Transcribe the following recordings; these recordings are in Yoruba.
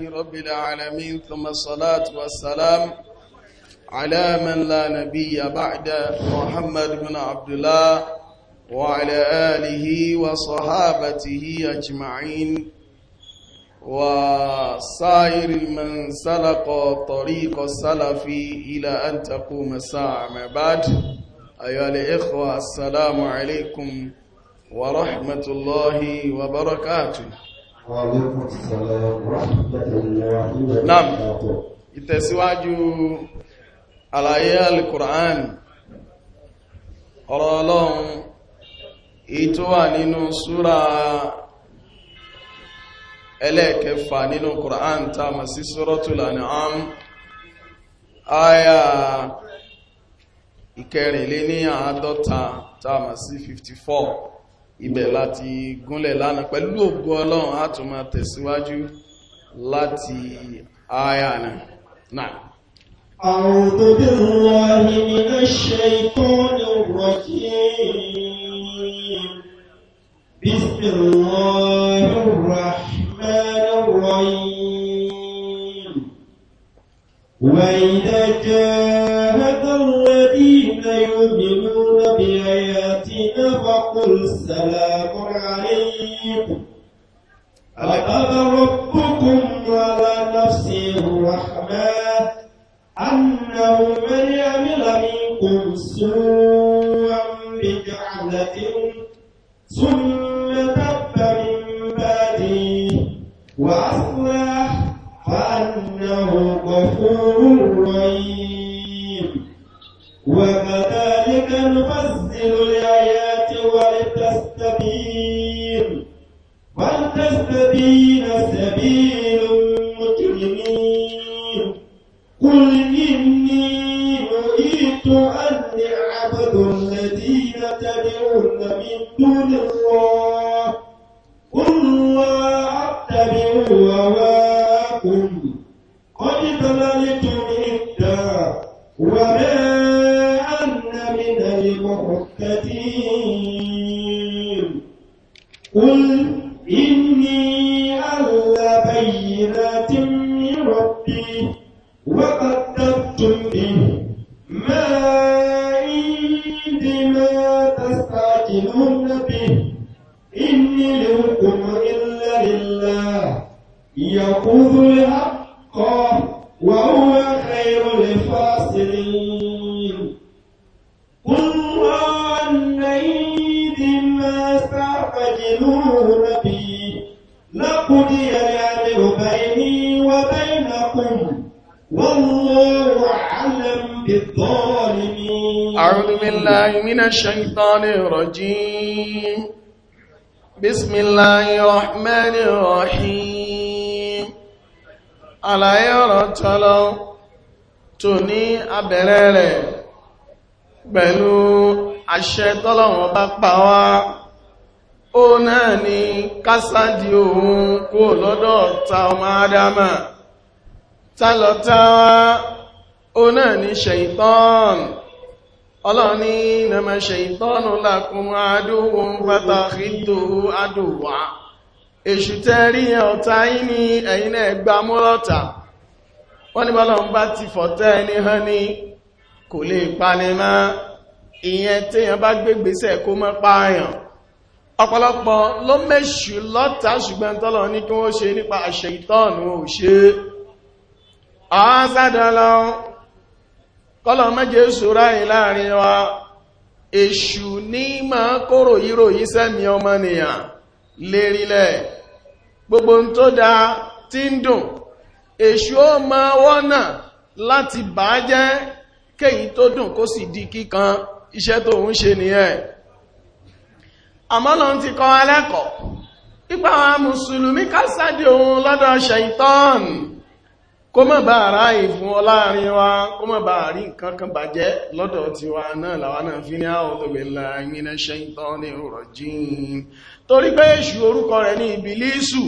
رب العالمين ثم الصلاة والسلام على من لا نبي بعد محمد بن عبد الله وعلى آله وصحابته أجمعين وسائر من سلق طريق السلف إلى أن تقوم الساعة ما بعد أيها الإخوة السلام عليكم ورحمة الله وبركاته Nam, ìtẹ̀síwájú àlàyé al-Qur'an, ọ̀rọ̀ ọlọ́run, ètò wà nínú súra ẹlẹ́ẹ̀kẹfà nínú Qur'an ta mà sí Suratul An'am, aya ìkẹrìnlé ní àádọ́ta ta mà sí 54 ibẹ̀ láti gúnlẹ̀ lánàá pẹ̀lú ògbó ọlọ́run á tún máa tẹ̀síwájú láti àyà náà أعوذ بالله من الشيطان الرجيم بسم الله الرحمن الرحيم وإذا جاء فقل سلام عليكم وأبى ربكم على نفسه رحمة أنه من يعمل منكم سوءا بجعلة ثم تب من بعده وأصلح فأنه غفور رحيم وكذلك نفصل تستبين سبيل المجرمين قل إني أريد أن أعبد الذين تدعون من دون الله قل وأتبع أتبع هواكم قد بلغت إحدى وما أن من المهتدين قل إني على بينات من ربي وقد تبتم به ما عندي ما تستعجلون به إني لكم إلا لله يقول الحق وهو قضي الأمر بيني وبينكم والله أعلم بالظالمين أعوذ بالله من الشيطان الرجيم بسم الله الرحمن الرحيم ألا يرى تلو توني أبرر pẹ̀lú àṣẹ tọ́lọ̀wọ̀n bá pa wá ó náà ni kásádì òun kó lọ́dọ̀ ta ọmọ adama tálọ́táwá ó náà ni ṣẹ̀ìtọ́n ọlọ́ni nàmà ṣẹ̀ìtọ́nù lákún adúwò ń pátá kìtò adùwà èṣù tẹ́rí ọ̀tá yìí ni ẹ̀yin ẹgbà múlọ́ta wọ́n ní bọ́lọ̀ bá ti fọ̀tẹ́ ẹni hàn ní kò lè pani ìyẹn téèyàn bá gbégbèsẹ̀ kó mọ́ pààyàn ọ̀pọ̀lọpọ̀ ló mẹ́ṣù lọ́ta ṣùgbọ́n tọ́lọ ní kí wọ́n ṣe nípa àṣẹ ìtọ́ọ̀nù ò ṣe ọ́sádọ́lọ́ kọ́lọ̀ mẹ́jẹ́ ṣúra ìláàrin wa èṣù ní máa kóró yíró yí sẹ́mi ọmọnìyàn lérílẹ̀ gbogbo tó da tí ń dùn èṣù ó máa wọ́nà láti bàájẹ́ kéyìí tó dùn kó sì di kíkan iṣẹ́ tó ń ṣe nìyẹn àmọ́lọ́n ti kọ́ alẹ́kọ̀ọ́ ipa àwọn mùsùlùmí kásádì ohun lọ́dọ̀ ṣẹ̀ìtọ́n kó mọ̀ bá ara ìfún ọláàrin wa kó mọ̀ bá rí nǹkan kan bàjẹ́ lọ́dọ̀ tiwa náà làwa náà fi ní a'udhu billahi minash shaitonir rajim torí pé èṣù orúkọ rẹ̀ ní ìbìlísù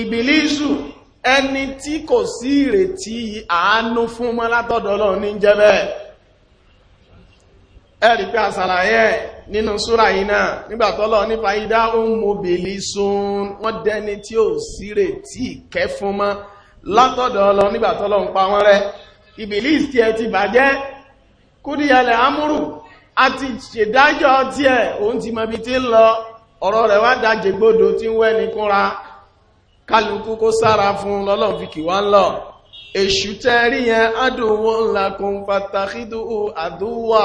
ìbìlísù ẹni tí kò sí ìrètí àánú fún mọ́ látọ̀dọ̀ Ọlọ́run ní jẹ́ bẹ́ẹ̀ ẹ̀rí pé àṣàlàyé nínú súra yìí náà nígbàtọ́lọ̀ nípa idá ohun mobili sun wọ́n dẹni tí ó síre tí kẹ́ fún mọ́ látọ̀dọ̀ ọlọ nígbàtọ́lọ̀ ń pa wọ́n rẹ́ ìbìlìs tí ẹ ti bàjẹ́ kúdíyàlẹ̀ amúrù àti ṣèdájọ́ tí ẹ òun ti mọ̀bí tí ń lọ ọ̀rọ̀ rẹ̀ wá dájẹ́gbódò tí ń wẹ́ni kúnra kálukú kó sára fún lọ́lọ́ fi kì wá yẹn adùn wọn làkùn pàtàkì àdúwà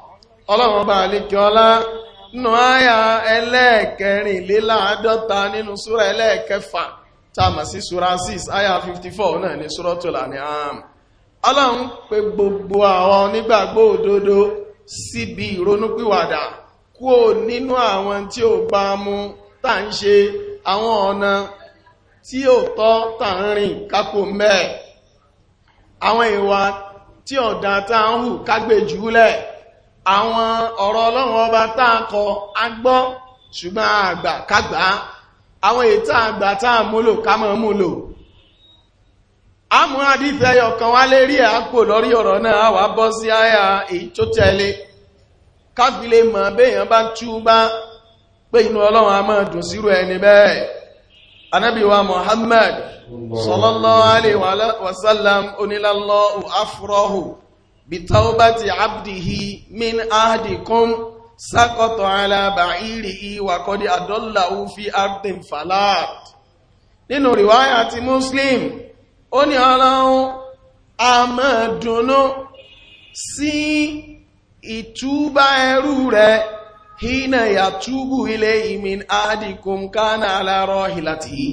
ọlọ́run bá alékiọlá nù áyà ẹlẹ́ẹ̀kẹrìnléláàádọ́ta nínú súra ẹlẹ́ẹ̀kẹfà tààmà sí súra 6 áyà 54 náà ní súra tó là ní àm ọlọ́run pè gbogbo àwọn onígbàgbọ́ òdodo síbi ìrònúpìwàdà kúò nínú àwọn tí ò bá mú tà ń ṣe àwọn ọ̀nà tí ò tọ́ tà ń rìn kákò mẹ́ẹ̀ àwọn ìwà tí ọ̀dà tá ń hù kágbèjúlẹ̀ àwọn ọ̀rọ̀ ọlọ́run ọba táàkọ agbọ́ ṣùgbọ́n àgbà kágbà àwọn ètà àgbà táà múlò kámọ̀ múlò a mú àdífẹ́ ọkàn wá lè rí àpò lọ́rí ọ̀rọ̀ náà wà bọ́ sí àyà èyí tẹ̀lé bá túbá pé inú ọlọ́run a dùn sírò ẹni bẹ́ẹ̀ Muhammad onílàlọ́ bitaubati abdihi min ahdikum sakọtọ̀ alábàáìrì ìwàkọ́dí àdọ́làú fi ardin falad nínú ríwáyà ti muslim ó ní ọlọ́run a máa dùnnú sí ìtúbá ẹrú rẹ̀ hínà yàtúbù ilé ìmìn ahdikum kánà alárọ̀ hìlàtì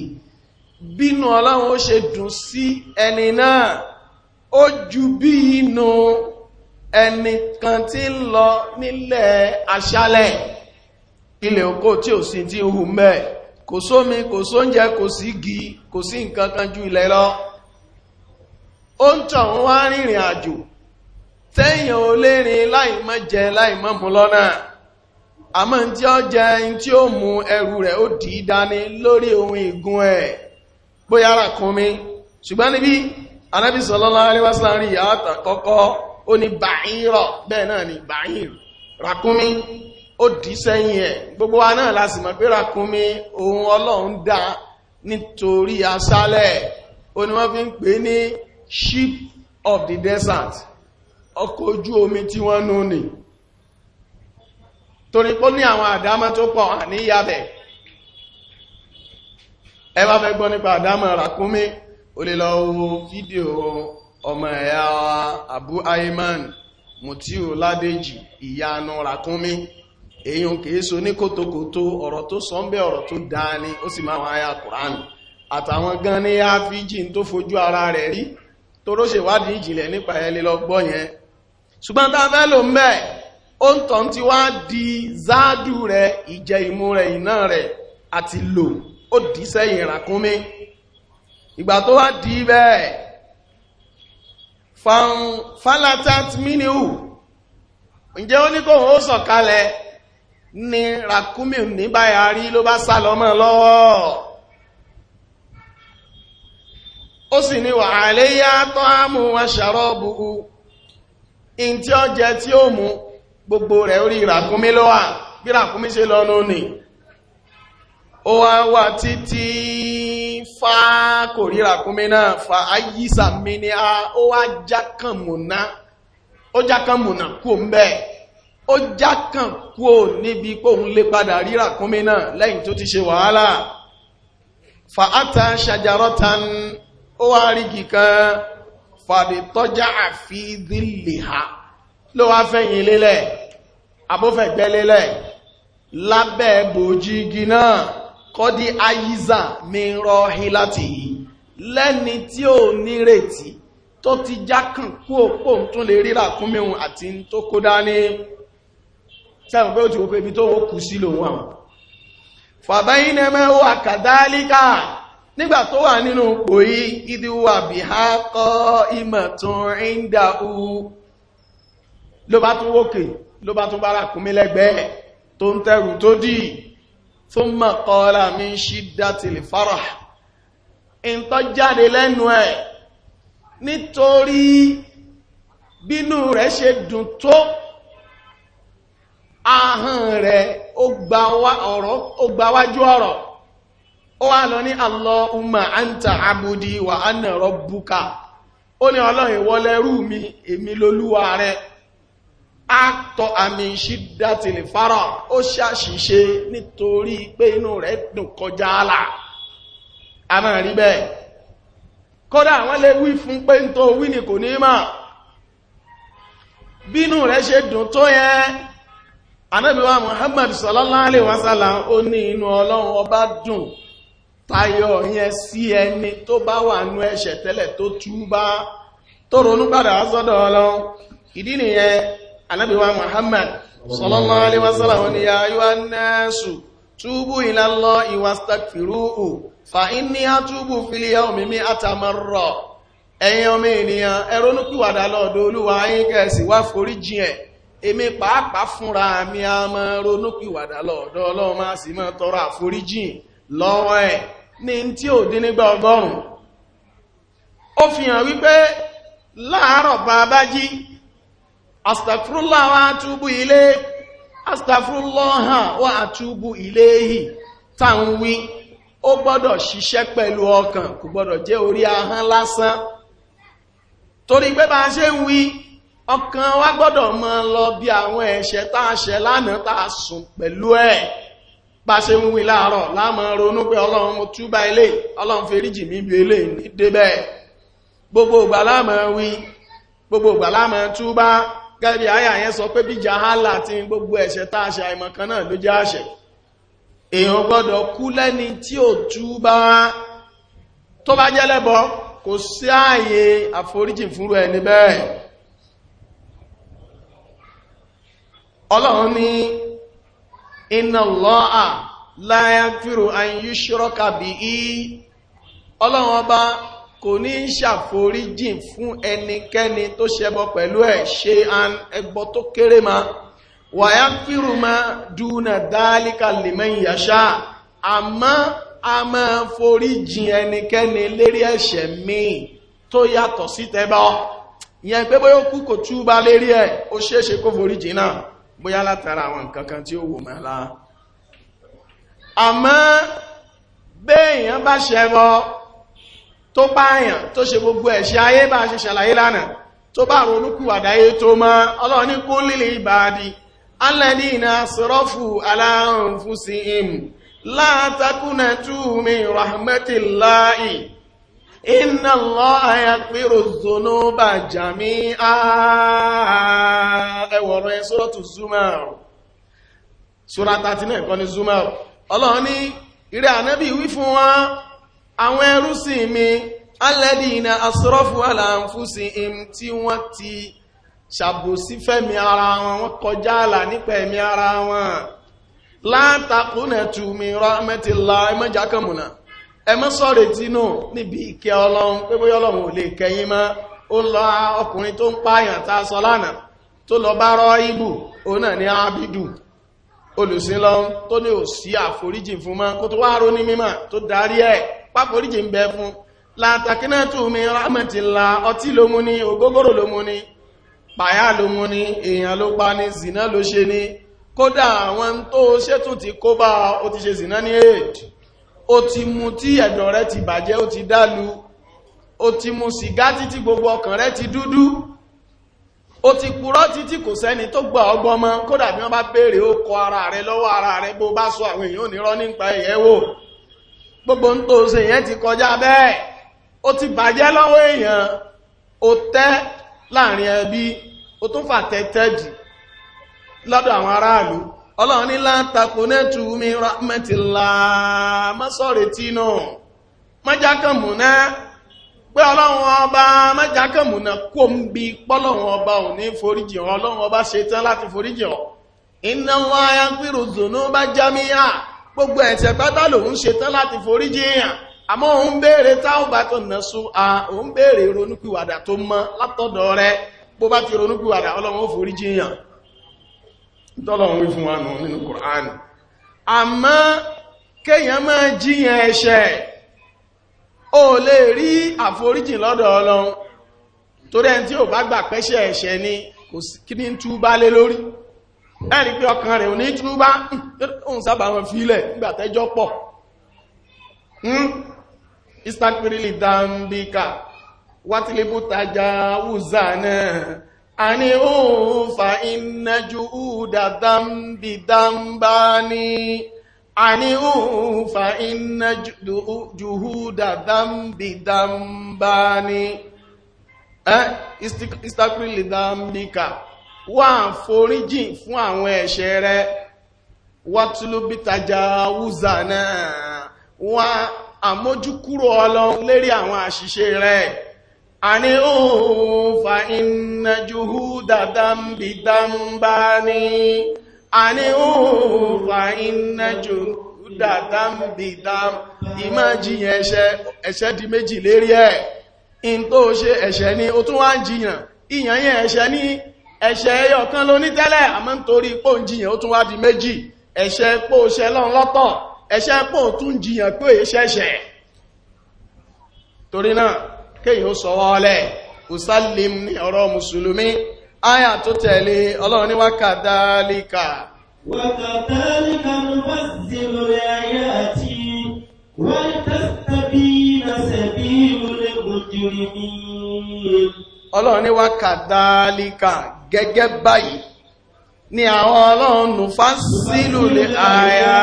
bínú ọlọ́run ó ṣe dùn sí ẹni náà ó ju bí inú ẹnìkan tí ń lọ nílẹ̀ aṣálẹ̀ ilẹ̀ oko tí ò sí tí ń hù mẹ́ kò sómi kò sóúnjẹ kò sí igi kò sí nǹkan kan ju ilẹ̀ lọ ó ń tàn wá rìnrìn àjò tẹ́yìn ò lè láìmọ́ láì mọ́ jẹ láì mú lọ́nà àmọ́ tí ó jẹ ẹni tí ó mú ẹrù rẹ̀ ó dì í dání lórí ohun ìgún ẹ̀ bóyá ràkúnmi ṣùgbọ́n níbi anábì sallallahu alaihi wasallam rí ìyá ọ̀tà kọ́kọ́ ó ní bàírọ̀ bẹ́ẹ̀ náà ni bàír ràkúnmí ó dì sẹ́yìn ẹ̀ gbogbo wa náà la sì mọ̀ pé ràkúnmí ohun ọlọ́run dá nítorí aṣálẹ̀ ó of the desert ọkọ̀ ojú omi tí wọ́n nú ni torí pọ́ ní àwọn àdámọ́ tó pọ̀ àníyàbẹ̀ fẹ́ gbọ́ nípa àdámọ́ ràkúnmí o lè lọ wo fídíò ọmọ ẹ̀yà Abu Ayman Mutiu Ládèjì ìyanu ràkúnmí èyàn kìí so ní kótókótó ọ̀rọ̀ tó sọ ń bẹ́ ọ̀rọ̀ tó dáa ni ó sì máa wọn aya Kùránì àtàwọn gan ní áfíjì tó fojú ara rẹ̀ rí tó ró ṣèwádìí ìjìnlẹ̀ nípa ẹlẹ́ lọ gbọ́ yẹn ṣùgbọ́n tá fẹ́ lò ń bẹ̀ ó ń tàn tí wá di záádù rẹ̀ ìjẹ ìmú rẹ̀ ìná rẹ̀ àti lò ó dì sẹ́yìn ràkúnmí ìgbà tó wá di bẹ́ẹ̀ falatat miniu ǹjẹ́ ó ní kò ó sọ̀kalẹ̀ ní rakumi ní báyà rí ló bá sá lọ́mọ́ lọ́wọ́ ó sì ní wà àléyá tó á mú wọn ṣàrọ́ búkú in tí ó jẹ tí ó mú gbogbo rẹ̀ orí rakumi ló wà bí rakumi ṣe lọ́nà ní ó wá wá títí fá kò ríra kúnmí náà fa ayísà mi ni a ó wá jákàn múná ó jákàn múná kú ń bẹ́ẹ̀ ó jákàn kú níbi pé lè padà ríra kúnmí náà lẹ́yìn tó ti ṣe wàhálà fa ata ṣàjàrọ́tan ó wá rí kìkan fàdé tọ́já àfíìdìlìhà ló wá fẹ̀yìn lélẹ̀ abófẹ̀gbẹ́ lélẹ̀ lábẹ́ bòjí igi kọ́dí ayiza mìíràn hílàtì yìí lẹ́ni tí ò nírètí tó ti jákàn kú òpó tún lè rí ràkúnmíhun àti tó kó dání sẹ́wọ̀n pé ó ti wò pé ibi tó kù sí lòun àwọn fàbáyínẹ mẹ́wọ́ àkàdálíkà nígbà tó wà nínú pòyí ìdíwà bí ha kọ́ ìmọ̀tún ìndàú ló bá tún wókè ló bá tún bára kúnmílẹ́gbẹ́ tó ń tẹrù tó dìí ثم قال من شدة الفرح in tó jáde lẹ́nu ẹ̀ nítorí bínú rẹ̀ ṣe dùn tó ahọ́n rẹ̀ ó gba wájú ọ̀rọ̀ ó wá lọ ní Allahumma anta abudi wa ana rabbuka ó ní ọlọ́run ìwọlẹ́rú mi èmi lolúwa rẹ̀ àtọ̀ àmìṣí dátìlì fara ó ṣàṣìṣe nítorí pé inú rẹ̀ dùn kọjá àlà a máa rí bẹ́ẹ̀ kódà àwọn lè wí fún pé ń tó wí ní kò ní mà bínú rẹ̀ ṣe dùn tó yẹn anábíwá muhammadu sallallahu alaihi wasallam ó ní inú ọlọ́run ọba dùn tayọ yẹn sí ẹni tó bá wà nú ẹ̀ṣẹ̀ tẹ́lẹ̀ tó túbá tó ronú padà sọ́dọ̀ ọlọ́run ìdí nìyẹn anábíwá muhammad sallallahu alaihi wasallam ni ya ayyuha an-nasu túbú ila Allahi wastaghfiruhu fa inni atubu fil yawmi mi'ata marra ẹ̀yin ọmọ ènìyàn ẹ ronúpìwàdà lọ́dọ̀ olúwa yín kẹ́ẹ̀sì wá foríjì ẹ̀ èmi pàápàá fúnra mi a mọ́ ronúpìwàdà lọ́dọ̀ ọlọ́run máa sì mọ́ tọrọ àforíjì lọ́wọ́ e. ní tí ò dín nígbà ọgọ́rùn-ún ó fi hàn wípé láàárọ̀ bá bá astagfirullah wa àtúbù ilé astagfirullah wa àtúbù ilé yìí táwọn wí ó gbọ́dọ̀ ṣiṣẹ́ pẹ̀lú ọkàn kò gbọ́dọ̀ jẹ́ orí ahán lásán torí pé bá ṣe ń wí ọkàn wa gbọ́dọ̀ mọ́ lọ bí àwọn ẹ̀ṣẹ̀ tá a ṣẹ̀ lánàá tá a sùn pẹ̀lú ẹ̀ bá ṣe ń wí láàárọ̀ láàmọ́ ronú pé ọlọ́run mo túbá ilé ọlọ́run feríjì mi bí ilé débẹ̀ gbogbo ìgbà láàmọ́ wí gbogbo ìgbà láàmọ́ túbá gẹ́gẹ́ bí àyà yẹn sọ pé bí jahala ti ń gbogbo ẹ̀ṣẹ̀ tá a ṣe kan náà ló jẹ́ àṣẹ èèyàn gbọ́dọ̀ kú lẹ́ni tí ò túbá tó bá jẹ́ lẹ́bọ kò sí ààyè àforíjì fúnrú ẹni bẹ́ẹ̀ ọlọ́run ní iná lọ́à láyá fírò àyíṣọ́rọ́kàbí ọlọ́run ọba kò ní ṣàforíjìn fún ẹnikẹ́ni tó ṣẹbọ pẹ̀lú ẹ̀ ṣe ẹgbọ́ tó kéré ma wàyá fírù ma dúnà dálíkà lèmẹ́ ìyàṣá àmọ́ a máa foríjìn ẹnikẹ́ni lérí ẹ̀ṣẹ̀ míì tó yàtọ̀ sí tẹ́bọ́ ìyẹn pé bóyá kú kò túbá lérí ẹ̀ ó ṣeéṣe kó foríjìn náà bóyá látara àwọn nǹkan kan tí ó wò mẹ́la àmọ́ béèyàn bá ṣẹbọ tó pààyàn tó ṣe gbogbo ẹ̀ṣẹ̀ ayé bá ṣe ṣàlàyé lánàá tó bá ronúkúwàdá ayé tó mọ́ ọlọ́run ní kó lílé ìbáadì alladina sọ́rọ́fù ala anfusihim la takunatu min rahmatillahi inna Allaha yaghfiru dhunuba jami'a ẹwọ̀rọ̀ ẹ̀ sọ́rọ̀tù Zumar wí fún wọn àwọn ẹrúsìn mi alẹ́dìnà asọ́rọ́fù sí im tí wọ́n ti fẹ́mi ara wọn wọ́n kọjá àlà nípa ẹ̀mí ara wọn látàkùnẹ̀tù mi rọ́mẹ́tìlá ẹmọ́jákàmùnà ẹmọ́ sọ́rẹ̀ tínú níbi ìkẹ́ ọlọ́run pé bóyá ọlọ́run ò lè kẹyìn mọ́ ó lọ ọkùnrin tó ń ta sọ lánàá tó lọ bá ibù òun náà ní olùsìn lọ tó ní ò sí àforíjì fún mọ́ páforíjì ń bẹ fún látàkínẹ́tù mi rámẹ̀tìlá ọtí ló mú ní ògógóró ló mú ní pàyà ló mú ní èèyàn ló pa ní zìná ló ṣe ní kódà àwọn tó ṣètù ti kó bá ó ti ṣe zìná ní èèdì ó ti mu tí ẹ̀dọ̀ rẹ̀ ti bàjẹ́ ó ti dálu ó ti mu sìgá títí gbogbo ọkàn rẹ̀ ti dúdú ó ti purọ́ títí kò sẹ́ni tó gbà ọgbọ́n mọ́ kódà bí wọ́n bá béèrè ó kọ ara rẹ̀ lọ́wọ́ ara rẹ̀ bó bá sọ àwọn èèyàn ò ní rọ́ nípa ẹ̀yẹ́wò gbogbo ń ose ṣe yẹn ti kọjá bẹẹ. O ti bàjẹ́ lọ́wọ́ èèyàn o tẹ, láàrin ẹbí o tún fàtẹ́tẹ́ dì lọ́dọ̀ àwọn aráàlú ọlọ́run ní látàkù nẹ́tù mi rahmatila mọ́sọ̀rẹ̀ tínú mọ́jákàmùná pé ọlọ́run ọba mọ́jákàmùná kó ń bí pọ́lọ́run ọba ò ní foríjì wọn ọlọ́run ọba ṣetán láti foríjì wọn iná wọn ayá ń bá jámíyà gbogbo ẹ̀ṣẹ̀ pátá lòun ṣe tán láti forí jíyàn àmọ́ òun béèrè táùbá tó nà sún a òun béèrè ronúpìwàdà tó mọ́ látọ̀dọ̀ rẹ bó bá ti ronúpìwàdà ọlọ́run ó forí jíyàn tọ́lọ̀run wí fún wa nù nínú Kùránì àmọ́ kéèyàn máa jíyàn ẹ̀ṣẹ̀ ó lè rí àforíjì lọ́dọ̀ ọlọ́run torí ẹni tí ò bá gbà pẹ́ṣẹ̀ ẹ̀ṣẹ̀ ni kí ní túbá lórí ẹ̀rí pé ọkàn rẹ̀ ò ní túnúbá òun sábà wọn fílẹ̀ nígbàtẹ́jọ́ pọ̀ hmm? istakirili dambika wátìlébù tajà wùzà náà a ní òun fa iná ju údà dambi damba ní a ní eh? òun fa iná údà dambi damba ní istakirili dambika wà foríjìn fún àwọn ẹ̀ṣẹ̀ rẹ̀ wọ́túlóbítajà wúzà náà wà àmójúkúrò ọlọ́run lérí àwọn àṣìṣe rẹ̀ àní òun fa iná juhú dàdámbì dámbá ní àní fa iná juhú dàdámbì dámbá ìmá jiyàn ẹ̀ṣẹ̀ di méjì lérí ẹ̀ in tó ṣe ẹ̀ṣẹ̀ ni ó tún wá ń jiyàn ìyàn yẹn ni ẹ̀ṣẹ̀ ẹyọ kan ló ní tẹ́lẹ̀ àmọ́ nítorí pò ń jiyàn ó tún wá di méjì ẹ̀ṣẹ̀ pò ṣẹ lọ́n lọ́tọ̀ ẹ̀ṣẹ̀ pò tún jiyàn pé torí náà kéyìn ó sọ wọ́ọ́lẹ̀ usalim ní ọ̀rọ̀ mùsùlùmí áyà tó tẹ̀lé ọlọ́run ní wákàdálíkà wákàdálíkà mú bá sí wọ́n ọlọ́run ní wákàdálíkà gẹ́gẹ́ báyìí ni àwọn ọlọ́run nù fásílù lè àyà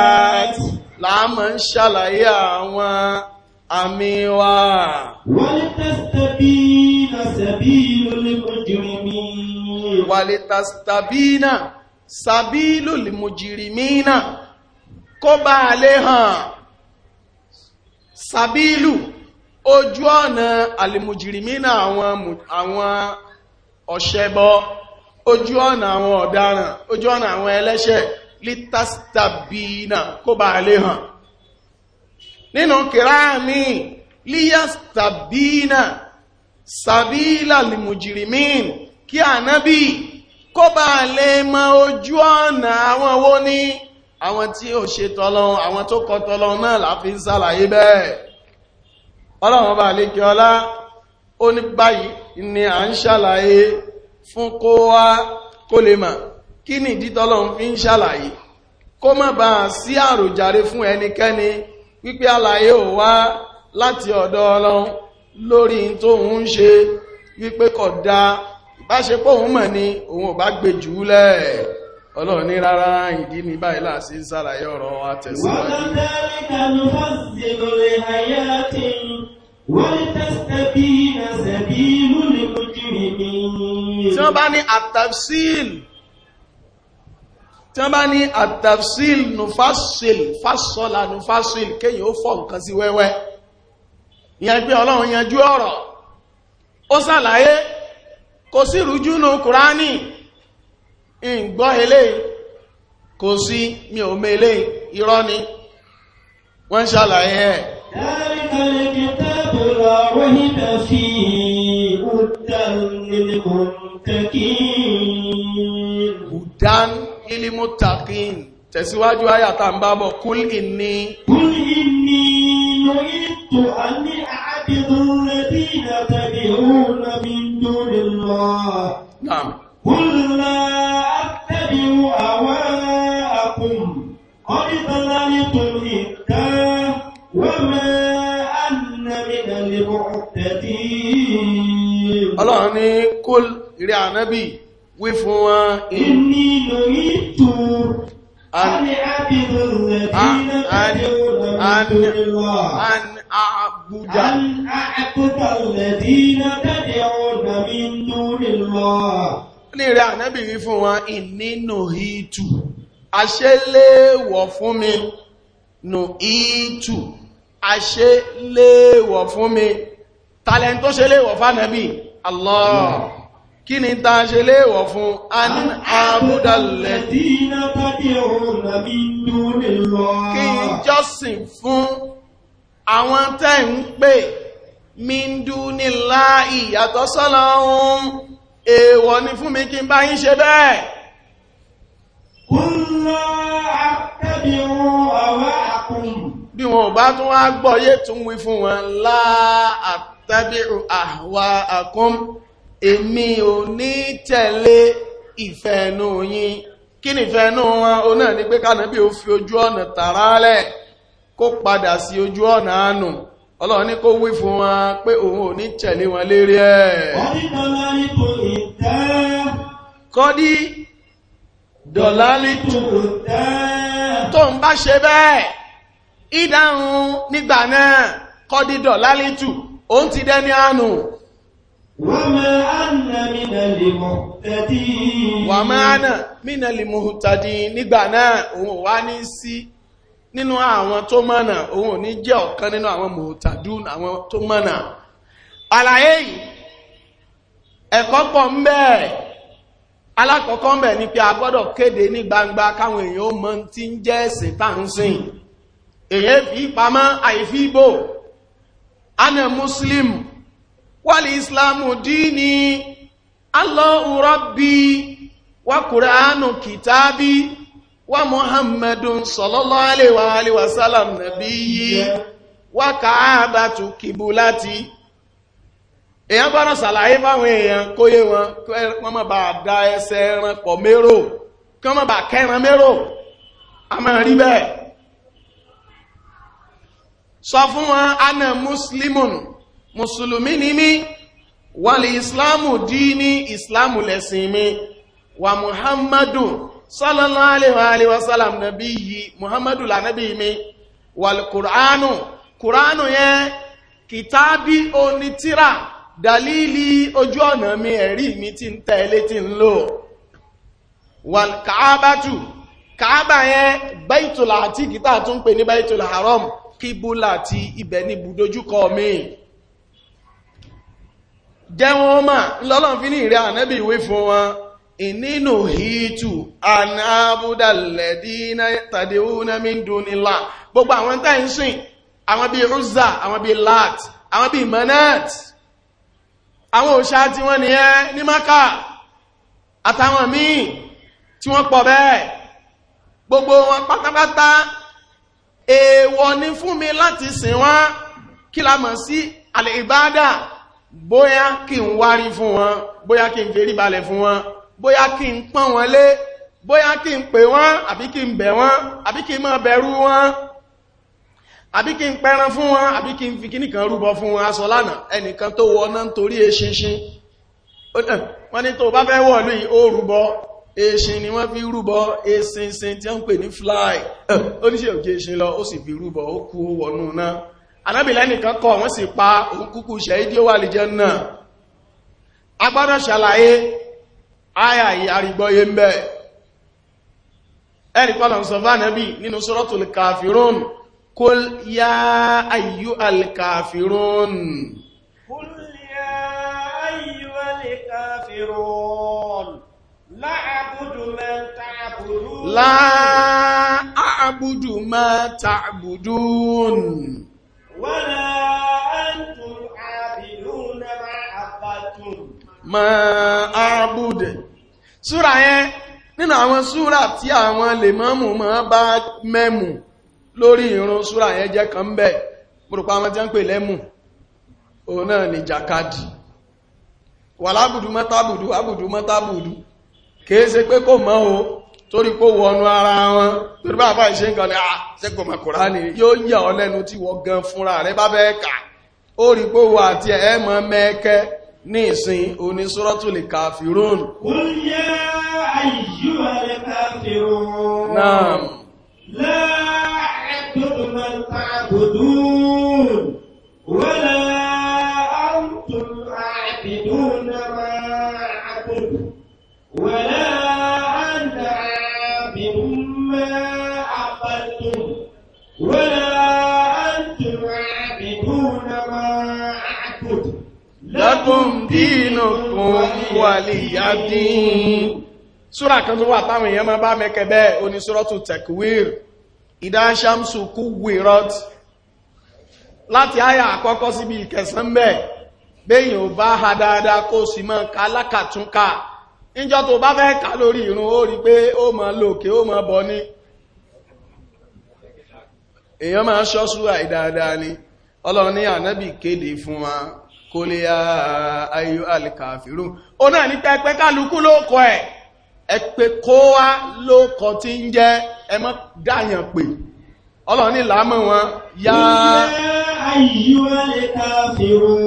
láàmà ń ṣàlàyé àwọn àmì wa wàlétàstàbínà sàbílù lè mùjìrìmínà kó bá lè hàn sàbílù ojú ọ̀nà alìmùjìrìmínà àwọn ọ̀ṣẹ́bọ́ ojú ọ̀nà àwọn ọ̀daràn ojú ọ̀nà àwọn ẹlẹ́ṣẹ̀ lítastabina kó bá lè hàn nínú kìráàmì líyastabina sàbílà alìmùjìrìmín kí ànábì kó bá lè mọ ojú ọ̀nà àwọn wo ní àwọn tí ó ṣe tọ́lọ́run àwọn tó kọ tọ́lọ́run náà láfi ń sàlàyé bẹ́ẹ̀ ọlọ́run ọba àlékẹ́ ọlá ó ní báyìí ni à ń ṣàlàyé fún kó wá kó lè mà kí ni ìdí tọ́lọ́run fi ń ṣàlàyé kó má bá a sí àròjàre fún ẹnikẹ́ni wípé àlàyé ò wá láti ọ̀dọ̀ ọlọ́run lórí tó ń ṣe wípé kódà ìbáṣepọ̀ òun mọ̀ ni òun ò bá gbé lẹ́ẹ̀ ọlọ́run ní rárá ìdí ní báyìí láti ń sàlàyé ọ̀rọ̀ wa tẹ̀síwájú. wọ́n lọ dárí kanú fásitì lórí àyà tí wọ́n tẹ́sítẹ́ bí ẹsẹ̀ bí lónìí lójú mi. tí wọ́n bá ní àtàfsíl tí wọ́n bá ní àtàfsíl nùfásíl fásọ́là nùfásíl kéyìn ó fọ́ nǹkan sí wẹ́wẹ́ ìyẹn pé ọlọ́run yanjú ọ̀rọ̀ ó sàlàyé kò sí rújú nù kúránì ìgbọ́ ilé kò sí mi ò mẹ́ ilé irọ́ ni wọ́n ṣàlàyé ẹ̀ Hudan ilimuttakin tẹ̀síwájú ayàtà ń bábọ̀ kúl ìní kúl ìní nùyìntò àní àbìdùn rẹ̀ bí ìdàtàdì òun nàbí dúrì lọ. Kúl náà اتبعوا أهواءكم قد ضللتم إفكا وما أنا من المعتدين الله ní kul rí ànábì wí fún wọn inni nuritu ani abidu alladhina tad'una an a'budu an a'budu alladhina tad'una min ní rẹ̀ ànábì wí fún wọn ìnínú ìtù aṣẹ́léèwọ̀ fún mi nù ìtù aṣẹ́léèwọ̀ fún mi talent tó ṣe léèwọ̀ fánàbì Allah kí ni ta ṣe léèwọ̀ fún an abúdàlẹ̀ kí n jọ́sìn fún àwọn tẹ́ ń pè míndú nílá ìyàtọ̀ sọ́lọ́run èèwọ̀ ni fún mi kí n bá yín ṣe bẹ́ẹ̀ kúnlọ́ àtẹ́bìrún ọ̀rọ̀ àkùnrin bí wọn ò bá tún wá akum. tún wí fún wọn láà àtẹ́bìrún àwà àkùn èmi ò ní tẹ̀lé ìfẹ́ẹ̀nù yín kí ni ìfẹ́ẹ̀nù wọn o náà ni pé kánàbí ó fi ojú ọ̀nà tààrálẹ̀ kó padà sí ojú ọ̀nà àánú ọlọ́run ní kó wí fún wọn pé òun ò ní tẹ̀lé wọn lérí ẹ̀ kọ́dí dọ̀lálí tó ń bá ṣe bẹ́ẹ̀ ìdáhùn nígbà náà kọ́dí dọ̀lálí tù ó ti dẹ́ni àánú wàmánà mínàlì mọ̀tàdí nígbà náà òun wá ní sí nínú àwọn tó mọ̀nà òun ò ní jẹ́ ọ̀kan nínú àwọn mọ̀tàdún àwọn tó mọ̀nà àlàyé yìí ẹ̀kọ́ pọ̀ ń bẹ́ẹ̀ alákọ̀ọ́kọ́ ń bẹ̀ ní pé a gbọ́dọ̀ kéde ní gbangba káwọn èèyàn ó mọ̀ tí ń jẹ́ ẹ̀sìn tá ń sìn èyí fi pamọ́ àìfi ibò ana muslim wàlì dìní, dini Allahu rabbi wa Qur'anu kìtàbí wa muhammadun sallallahu alaihi wa alihi wa sallam nabiyyi wa ka'abatu kibulati èyàn bá rán sàlàyé fáwọn èèyàn kó yé wọn wọ́n mọ́ bá dá ẹsẹ̀ ẹran pọ̀ mérò kí wọ́n mọ́ bá kẹran mérò a máa rí bẹ́ẹ̀ sọ fún wọn ana muslimun musulumi ni mí islamu dí islamu lẹ̀sìn mi wà muhammadu sallallahu alaihi wasallam nabiyyi muhammadu la nabi mi wal qur'anu qur'anu yẹn kitabi onitira dalili ojú ọ̀nà mi ẹ̀rí mi tí ń tẹ̀lé tí ń lò wal ka'abatu ka'aba yẹn baitul atiq tá tún pè ní baitul haram kíbúlà ti ibẹ̀ ní bùdójúkọ mi jẹ́ wọn lọ́lọ́n fi ní ìrẹ́ ànẹ́bì ìwé fún wọn ìnínú hìtù anábúdàlẹ̀dínà tàdíúnà mìndúnilá gbogbo àwọn tá ń sìn àwọn bí rúzà àwọn bí lat àwọn bí manat àwọn òṣà tí wọ́n ni ẹ́ ní maka àtàwọn míì tí wọ́n pọ̀ bẹ́ẹ̀ gbogbo wọn pátápátá èèwọ̀ ni fún mi láti sìn wọ́n kí la mọ̀ sí alẹ́ ìbádà bóyá kí n wárí fún wọn bóyá kí n fèrí balẹ̀ fún wọn bóyá kí n pọ́n wọn lé bóyá kí n pè wọ́n àbí kí n bẹ̀ wọ́n àbí kí n má bẹ̀rù wọ́n àbí kí n pẹran fún wọn àbí kí n fi kan rúbọ fún wọn aṣọ lánàá ẹnìkan tó wọ náà torí eṣinṣin wọ́n ni tó bá fẹ́ wọ̀ ó rúbọ eṣin ni wọ́n fi rúbọ eṣinṣin tí wọ́n pè ní fly oníṣẹ́ òjé eṣin lọ ó sì fi rúbọ ó kú wọnú náà kọ wọ́n sì pa òun kúkú ṣẹ́ àyà yìí àrígbọ́yé ń bẹ́ ẹ̀rì pọ́lọ̀ sọ̀fà nẹ́bí nínú sọ́rọ̀tù kàfírún kó yá ayú alkàfírún kul ya ayyuhal kafirun la a'budu ma ta'budun la a'budu ma ta'budun wala antum 'abiduna ma 'abadtum ma a'budu súra yẹn nínú àwọn súra tí àwọn lè mọ́mù bá mẹ́mù lórí irun súra yẹn jẹ́ kan bẹ́ẹ̀ múrùpá wọn tí ń pè lẹ́mù òun náà ni jàkadì wà lábùdú mọ́tàbùdú àbùdú mọ́tàbùdú kìí ṣe pé kò mọ́ o torí kó wọnú ara wọn torí bá àbáyé ṣe ń kan ní àṣẹ́gbọ̀mọ̀ ah, kòránì yóò yà ọ lẹ́nu tí wọ́n gan fúnra rẹ bá bẹ́ẹ̀ kà ó rí pé wà àti ẹ̀ẹ́mọ̀ mẹ́ẹ̀kẹ́ ní ìsìn oní suratul kafirun qul ya ayyuhal kafirun naam la a'budu ma ta'budun wala waliyadin súra kan tó wà táwọn èèyàn máa bá bẹ́ẹ̀ tekwir ìdáṣàmsù kú láti àyà àkọ́kọ́ síbi ìkẹsàn bẹ́ẹ̀ bẹ́yìn ò bá ha dáadáa kó sì mọ́ kálákàtúnká níjọ́ tó bá fẹ́ ká lórí ìrun ó rí pé ó mọ́ lókè ó kò lè ayò alìkàfìrú o náà ní pẹ́pẹ́ kálukú ló kọ ẹ̀ ẹ pé kó wá ló kọ tí ń jẹ́ ẹ mọ́ dáyàn ọlọ́run ní wọn yá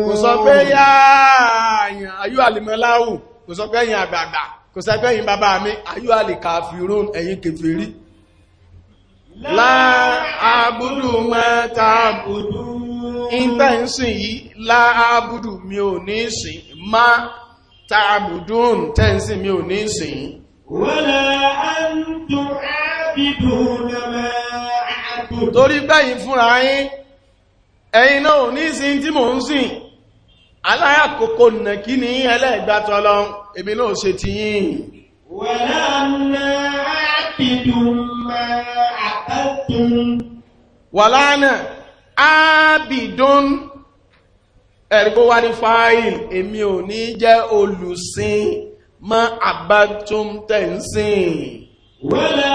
kò sọ pé yá ayò alìmọ́láwù kò sọ pé ẹ̀yin àgbààgbà kò sọ pé bàbá mi ayò ìtẹ́ǹsìn yìí láàbùdù mi ò ní sìn má tààbùdùn tẹ́ǹsìn mi ò ní sìn wọ́lá àǹtò àbìdùn nàmà àbùdùn torí gbẹ̀yìn fúnra yín ẹ̀yin náà ò ní sìn tí mò ń sìn aláyàkókò nàkí ní ẹlẹ́gbàtọ́ lọ èmi náà ṣe ti yìn wọ́lá àbìdùn mà àbùdùn wọ́lá náà Abidun ẹ̀rìkó wá ní fáìl èmi ò ní jẹ́ olùsìn mọ́ àbátúntẹ̀nsìn wọ́lá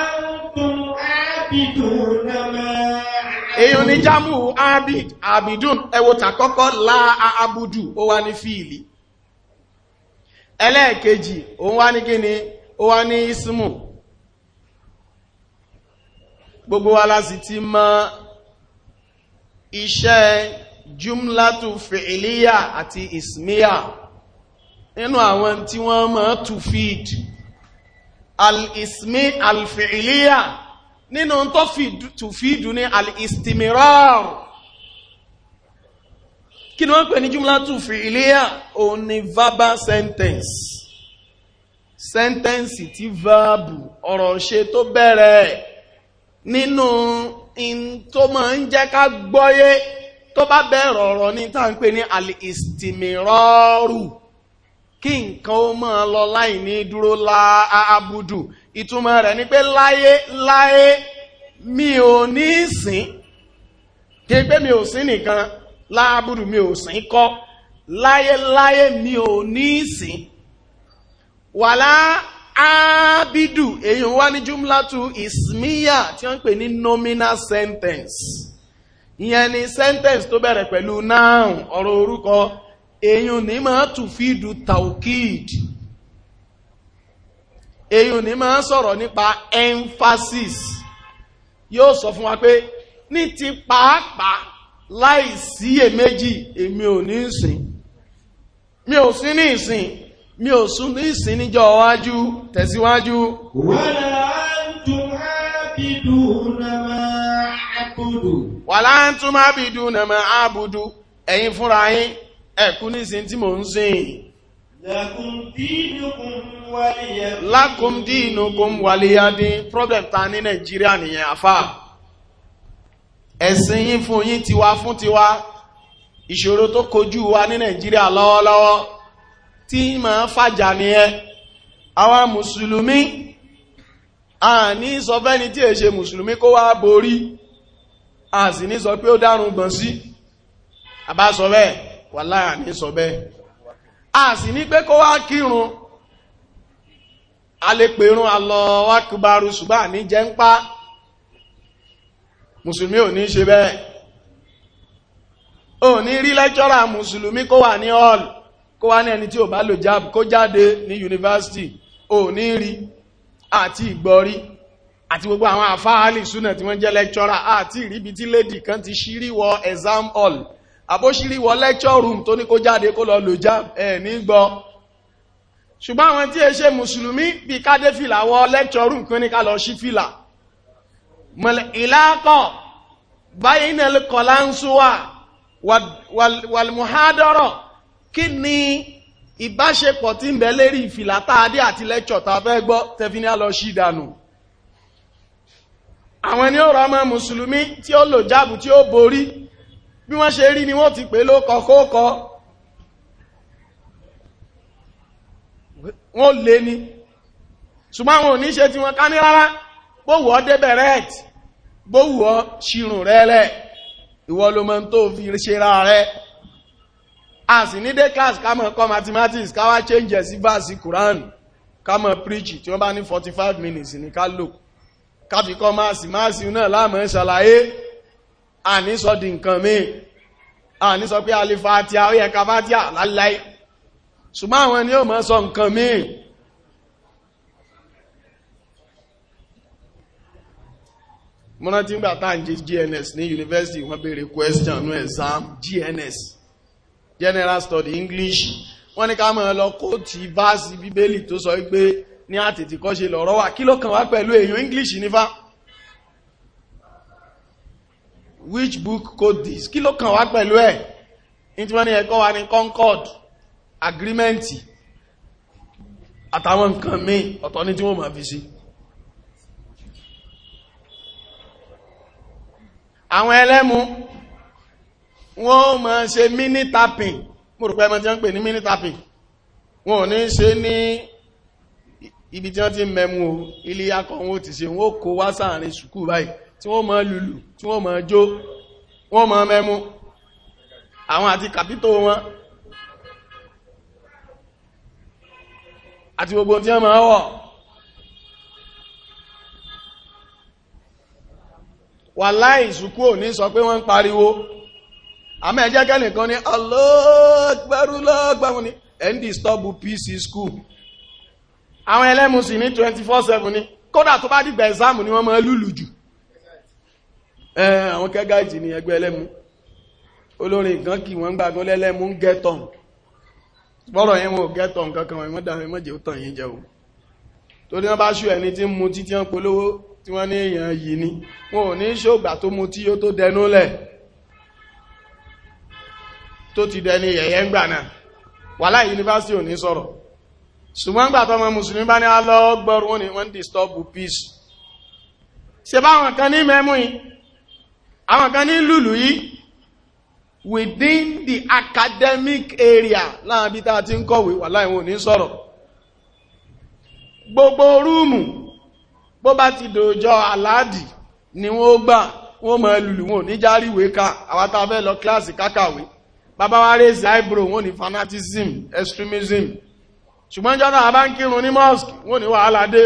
àbùn ábìdún náà èyàn ní jámù ábìd ábìdún ẹwọ tàkọ́kọ́ láà ábùdù ó wá ní fíìlì ẹlẹ́ẹ̀kejì òun wá ní kíni ó wá ní ismu gbogbo wa lásì ti máa iṣẹ́ jùmlátù fìlíyà àti ismiya nínú àwọn tí wọ́n mọ̀ tufid al-ismi al-fìlíyà nínú tó tufidu ní al-istimirar kí ni wọ́n pè ní jùmlátù fìlíyà òun ni verbal sentence sentence ti verb ọ̀rọ̀ ṣe tó bẹ̀rẹ̀ nínú in tó máa ń jẹ́ ká gbọ́yé tó bá bẹ̀rẹ̀ ọ̀rọ̀ ní tá à ń pè ní alìsìtìmírọ́rù kí nǹkan ó máa lọ láì ní dúró láàbùdù ìtumọ̀ rẹ̀ ni pé láyé láyé mi ò ní sìn kí pé mi ò sìn nìkan láàbùdù mi ò sìn kọ́ láyé láyé mi ò ní sìn wàlá Abidu, èyí wá ní tu ismiya tí wọ́n ń pè ní nominal sentence ìyẹn ni sentence tó bẹ̀rẹ̀ pẹ̀lú noun ọ̀rọ̀ orúkọ èyí ní máa tù fídù taukid èyí ní máa sọ̀rọ̀ nípa emphasis yóò sọ fún wa pé ní ti pàápàá láì síyèméjì èmi ò ní ìsìn mi ò sí ní ìsìn mi ò sún ní ìsìn níjọ́ wájú tẹ̀síwájú wà láńtún má bí dùn nà má ábùdù ẹ̀yin fúnra yín ẹ̀kú nísìn tí mò ń sìn lákùndínukùn wàlíyádín problem ta ní nàìjíríà nìyẹn àfà ẹ̀sìn yín fún yín tiwa fún tiwa ìṣòro tó kojú wa ní nàìjíríà lọ́wọ́lọ́wọ́ tí ma fàjà ní ẹ àwọn mùsùlùmí a ní sọ fẹ́ni tí è ṣe mùsùlùmí kó wá borí a sì ní sọ pé ó dárùn gbọ̀n sí àbá sọ bẹ́ẹ̀ wà láà ní sọ bẹ́ẹ̀ a sì ní pé kó wá kírun a lè pèrún alọ́wákùbárù ṣùgbọ́n àní jẹ́ ń pa mùsùlùmí ò ní ṣe bẹ́ẹ̀ ò ní rí lẹ́jọ́ra mùsùlùmí kó wà ní ọ̀lù kó wá ní ẹni tí ò bá lò jáàb kó jáde ní yunifásitì ò ní rí àti ìgbọ́rí àti gbogbo àwọn àfáàlì súnà tí wọ́n jẹ́ lẹ́kṣọ́rà àti ìríbi tí lady kan ti ṣíríwọ exam hall àbóṣíríwọ lecture room tó ní kó jáde kó lọ lò jáàb ẹ̀ ní gbọ́ ṣùgbọ́n àwọn tí lecture room kan ní ká lọ sí fìlà mọ̀lẹ̀ ìlàkọ̀ báyìí nílùú kí ni ìbáṣepọ̀ tí ń bẹ lérí ìfìlà táadé àti lẹ́kṣọ̀ tá a fẹ́ gbọ́ tẹfini á lọ sí ìdànù àwọn ẹni ọ̀rọ̀ ọmọ mùsùlùmí tí ó lò jáàbù tí ó borí bí wọ́n ṣe rí ni wọ́n ti pè lókọ wọ́n lè ní ṣùgbọ́n àwọn oníṣẹ́ tí wọ́n ká ní rárá gbówù ọ́ débẹ̀ rẹ́ẹ̀t gbówù ọ́ ṣirùn ló mọ́ tó fi ṣe ra rẹ́ a sì ní dé class ká mọ̀ kọ́ mathematics ká wá change sí verse Quran ká mọ̀ preach tí wọ́n bá ní 45 minutes ní ká lò ká fi kọ́ máàsì máàsì náà láàmọ́ ṣàlàyé àníṣọ́ di nǹkan míì àníṣọ́ pé alifatia ó yẹ ká fatia láláì ṣùgbọ́n àwọn ni ó mọ́ sọ nǹkan míì mọ́nà tí ń gbà tá à ń jẹ́ GNS ní university wọ́n béèrè question ní exam GNS general study English wọ́n ní ká mọ̀ lọ kó ti báàsì bíbélì tó sọ wípé ní àtètè kọ́ ṣe lọ̀rọ̀ wà kí ló kàn wá pẹ̀lú èèyàn English nífà which book code this kí ló kàn wá pẹ̀lú ẹ̀ ní tí wọ́n ní ẹ̀kọ́ wa ni Concord agreement àtàwọn nǹkan míì ọ̀tọ̀ ní tí wọ́n máa fi sí àwọn ẹlẹ́mu wọ́n máa ṣe mini tapping mo rò pé ẹmọ tí wọ́n pè ní mini tapping wọn ò ní ṣe ní ibi tí wọ́n ti mẹ́mú o ilé akọ̀ wọn ò ti ṣe wọ́n kó wá sáàrin sùkú báyìí tí wọ́n máa lùlù tí wọ́n máa jó wọ́n máa mẹ́mú àwọn àti kàpítò wọn àti gbogbo tí wọ́n máa wọ̀ wà láì sùkú ní sọ pé wọ́n ń pariwo àmọ́ ẹ jẹ́ kẹ́nìkan ní alóògbẹ́rú lọ́gbàmù ní ẹ̀ń dìstọ́bù pc school àwọn ẹlẹ́mu ní 24/7 ní kódà tó bá dìgbà ẹ̀sáàmù ni wọ́n máa lùlù jù àwọn kẹ́gáìtì ní ẹgbẹ́ ẹlẹ́mu olórin kan kì wọ́n gbàgbọ́ lẹ́lẹ́mu ń gẹ́tọ̀n bọ́rọ̀ yẹn wọn ò gẹ́tọ̀n kankan wọn mọ́dà wọn mọ́jẹ́ ó tàn yín jẹ́ o torí wọ́n bá ṣù ẹni tí ń mu títí wọn polówó tí wọ́n ní èèyàn yìí ni wọn ò ní ṣògbà tó mu yóò tó dẹnú lẹ̀ tó ti dẹni yẹ̀yẹ́ ń gbà náà wàhálà yunifásitì ò ní sọ̀rọ̀ ṣùgbọ́n gbà bá ní alọ́gbọ́rún wọn ni wọ́n disturb peace ṣe bá kan ní mẹ́mú yìí àwọn kan ní lùlù within the academic area láàrín bí nkọwe ti ń kọ̀wé gbogbo rúùmù bó bá ti dòjọ aláàdì ni wọn ní ká lọ bàbá wa raise eyebrow wọ́n ní fanatism extremism ṣùgbọ́n jọ́nà àbá ń kírun ní mosque wọ́n ní wàhálà dé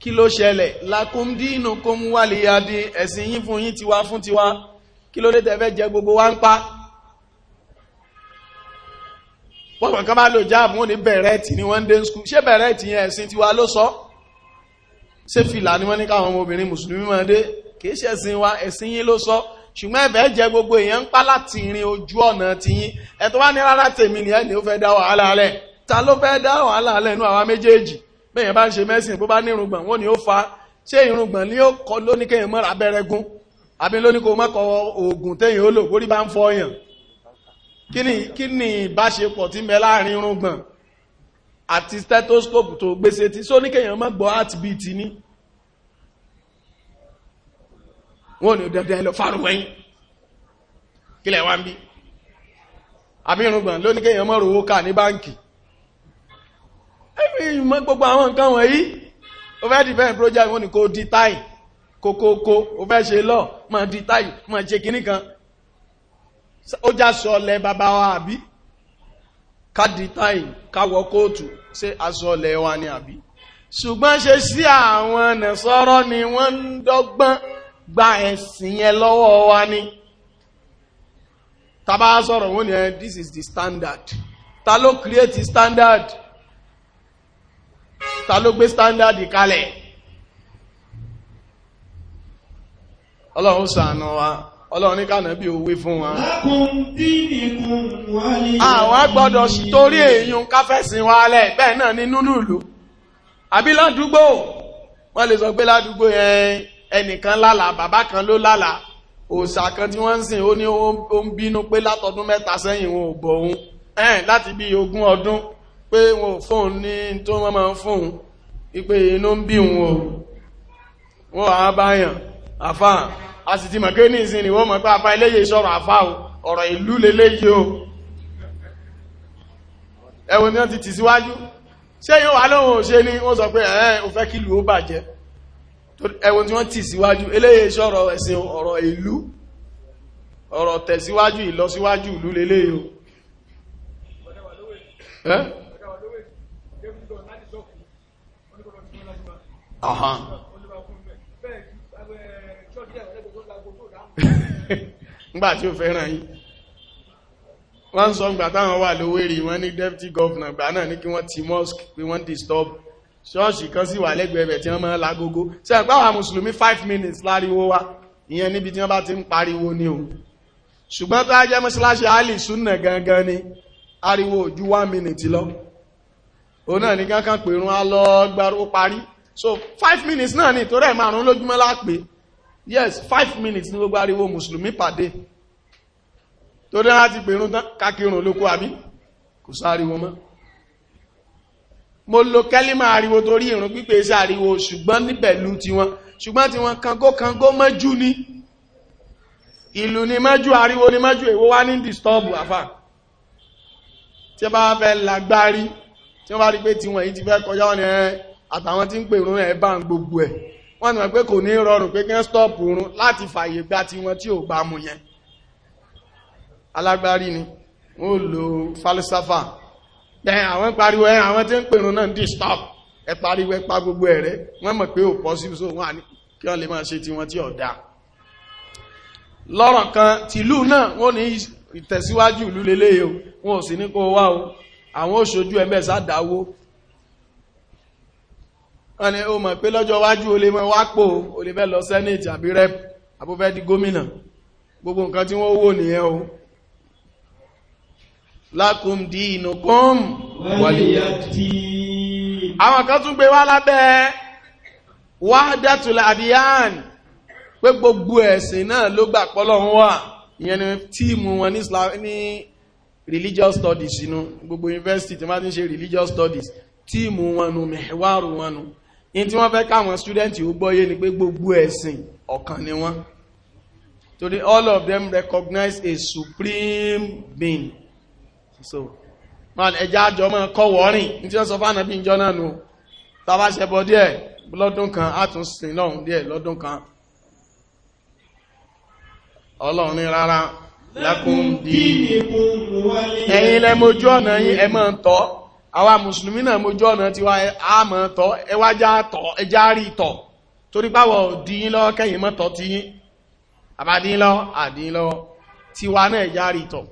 kí ló ṣẹlẹ̀ lakúndínú kó mú wà lè yá dín ẹ̀sìn yín fún yín tiwa fún tiwa kí ló dé tẹ́fẹ́ jẹ gbogbo wa ń pa wọ́n kàn kán bá lò jáàbù wọ́n ní bẹ̀rẹ̀tì ní wọ́n dé skú ṣé bẹ̀rẹ̀tì yẹn ẹ̀sìn tiwa ló sọ ṣé fìlà ni wọ́n ní káwọn ọmọbìnrin mùsùlùmí máa dé kìí ṣẹ̀sìn wa ẹ̀sìn yín ló sọ ṣùgbọ́n ẹ̀fẹ́ jẹ gbogbo èèyàn ń pa láti rin ojú ọ̀nà tiyín ẹ̀tọ́ wá ní rárá tèmi ni ẹni ó fẹ́ dá wàhálà alẹ́ ta ló fẹ́ dá wàhálà alẹ́ nú àwa méjèèjì bẹ́ẹ̀ yẹn bá ń ṣe mẹ́sìn bó bá ní irùngbọ̀n wọ́n ni ó fa ṣé irùngbọ̀n ni ó kọ lóní kéèyàn mọ́ra abẹ́rẹ́ gún àbí lóní kó mọ́kọ oògùn téèyàn ó lò bórí bá ń fọ yàn kí ni kí ni ìbáṣepọ̀ tí ń láàrin irùngbọ̀n àti stethoscope tó gbèsè tí sóní kéèyàn mọ́ gbọ́ heartbeat ni wọ́n ní dandan lọ fàrùwẹ́yìn kílẹ̀ wá ń bí àmìrùngbọ̀n ló ní kéèyàn mọ́ rówó ká ní báǹkì ẹ̀mí mọ́ gbogbo àwọn nǹkan wọ̀nyí o fẹ́ dìfẹ́ project wọ́n ní kó di táì kókókó o fẹ́ ṣe lọ mọ́ di táì mọ́ ṣe kìíní kan ó já sọ ọlẹ̀ bàbá wa àbí ká di táì káwọ kóòtù ṣùgbọ́n ṣe sí àwọn nàṣọ́rọ́ ni wọ́n ń dọ́gbọ́n gba ẹ̀sìn yẹn lọ́wọ́ wa ni tàbá sọ̀rọ̀ wọ́n ni ẹ eh, this is the standard ta ló create standard ta ló gbé standard kalẹ̀ ọlọ́run ṣàánú wa ọlọ́run ní kànáà bí owó fún wa àwọn agbọ́dọ̀ torí èyàn káfẹ́sìn wa lẹ̀ bẹ́ẹ̀ náà ní núlùlù àbí ládùúgbò wọ́n lè sọ pé ládùúgbò yẹn ẹnìkan lálàá bàbá kan ló lálàá òòṣà kan tí wọ́n ń sìn ó ní ó ń bínú pé látọdún mẹ́ta sẹ́yìn wọn ò bọ òun ẹ̀ẹ́n láti bí ogún ọdún pé wọn ò fóun ní tó wọ́n máa ń fóun ipe inú ń bí òun o wọ́n á báyàn àfà a sì ti mọ̀ pé ní ìsìn ni wọ́n mọ̀ pé àfà eléyìí sọ̀rọ̀ àfà o ọ̀rọ̀ ìlú leléyìí o ẹ̀wọ̀n ni wọ́n ti tì síwájú ṣé yóò wá lóhun òṣè ni wọ́n sọ pé ẹ̀ẹ́ ò fẹ́ kí ìlú ó bàjẹ́ ẹwọ́n tí wọ́n tì síwájú eléyè ṣọ́rọ̀ ẹ̀sìn ọ̀rọ̀ ìlú ọ̀rọ̀ tẹ̀síwájú ìlọsíwájú ìlú leléyò ǹgbà ó fẹ́ràn yìí wọ́n sọ ǹgbà táwọn wà lówérí wọ́n ní deputy governor gbà náà ní kí wọ́n ti mosque pé wọ́n disturb ṣọ́ọ̀ṣì kan sí wà lẹ́gbẹ̀ẹ́ bẹ̀ tí wọ́n máa lágógó ṣe ẹ̀pẹ́ àwọn mùsùlùmí five minutes láriwo wa ìyẹn níbi tí wọ́n bá ti ń pariwo ni o ṣùgbọ́n tó á jẹ́ mọ́ṣáláṣí alì súnà gangan ni ariwo ju one minute lọ òun náà ní kankan pèrún á lọ gbàrú ó parí so five minutes náà ni torí ẹ̀ márùn lójúmọ́ lápè yes five minutes ní gbogbo ariwo mùsùlùmí pàdé torí láti pèrún tán kákirùn lóko àbí kò sáriwo mọ́ mo lo kẹ́límà ariwo torí ìrun pípé sí ariwo ṣùgbọ́n ní pẹ̀lú tiwọn ṣùgbọ́n tiwọn kangó kangó mọ́jú ni ìlú ni mọ́jú ariwo ni mọ́jú èwo wá ní disturb àfà tí bá fẹ́ lágbárí tí wọ́n bá rí pé tiwọn èyí ti fẹ́ kọjá wọn ni àtàwọn tí ń pè rún ẹ̀ bá ń gbogbo ẹ̀ wọ́n ni wọ́n pé kò ní rọrùn pé kí wọ́n stop rún láti fàyè gba tiwọn tí ò bá mu yẹn alágbárí ni wọ́n lo falsafa then àwọn pariwo ẹ àwọn tí ń pèrún náà disturb ẹ pariwo ẹ pa gbogbo ẹ̀rẹ́ wọ́n mọ̀ pé ò possible so wọ́n kí wọ́n lè máa ṣe tiwọn tí ọ̀dá lọ́rọ̀ kan tìlú náà wọ́n ní ìtẹ̀síwájú ìlú lélẹ́ o wọn ò sì ní kó wá o àwọn òṣojú ẹ̀mẹ́ sádáwó wọ́n ní o mọ̀ pé lọ́jọ́ wájú o lè mọ wápò o lè fẹ́ lọ senate àbí rep àbúfẹ́ di gómìnà gbogbo nǹkan tí wọ́n wò nìyẹn o lákùn dí inú kún wàlíyàtí àwọn kan tún gbé wá lábẹ́ wahdatul adiyan pé gbogbo ẹ̀sìn náà ló gbà pọ́lọ́hún wà ìyẹn ni tíìmù wọn ní religious studies inú gbogbo university tí wọ́n ti ń ṣe religious studies tíìmù wọn nu mẹ̀wàrù wọn nu in tí wọ́n fẹ́ káwọn student ó gbọ́yé ni pé gbogbo ẹ̀sìn ọ̀kan ni wọ́n torí all of them recognize a supreme being so man ẹja àjọ mọ́ kọ́ wọ́rìn ní tí ó sọ fánà bí ìjọ náà nù tàbá ṣẹbọ díẹ̀ lọ́dún kan á tún sin lọ́hùn díẹ̀ lọ́dún kan ọlọ́run ní rárá lákún dí lẹ mojú ọ̀nà yín ẹ máa ń àwa mùsùlùmí náà mojú ọ̀nà tiwa á máa tọ́ ẹ wá já tọ́ ẹ já rí tọ́ torí báwọ̀ dín lọ kẹ́yìn mọ́tọ́ ti yín àbádín lọ àdín lọ tiwa náà já rí tọ́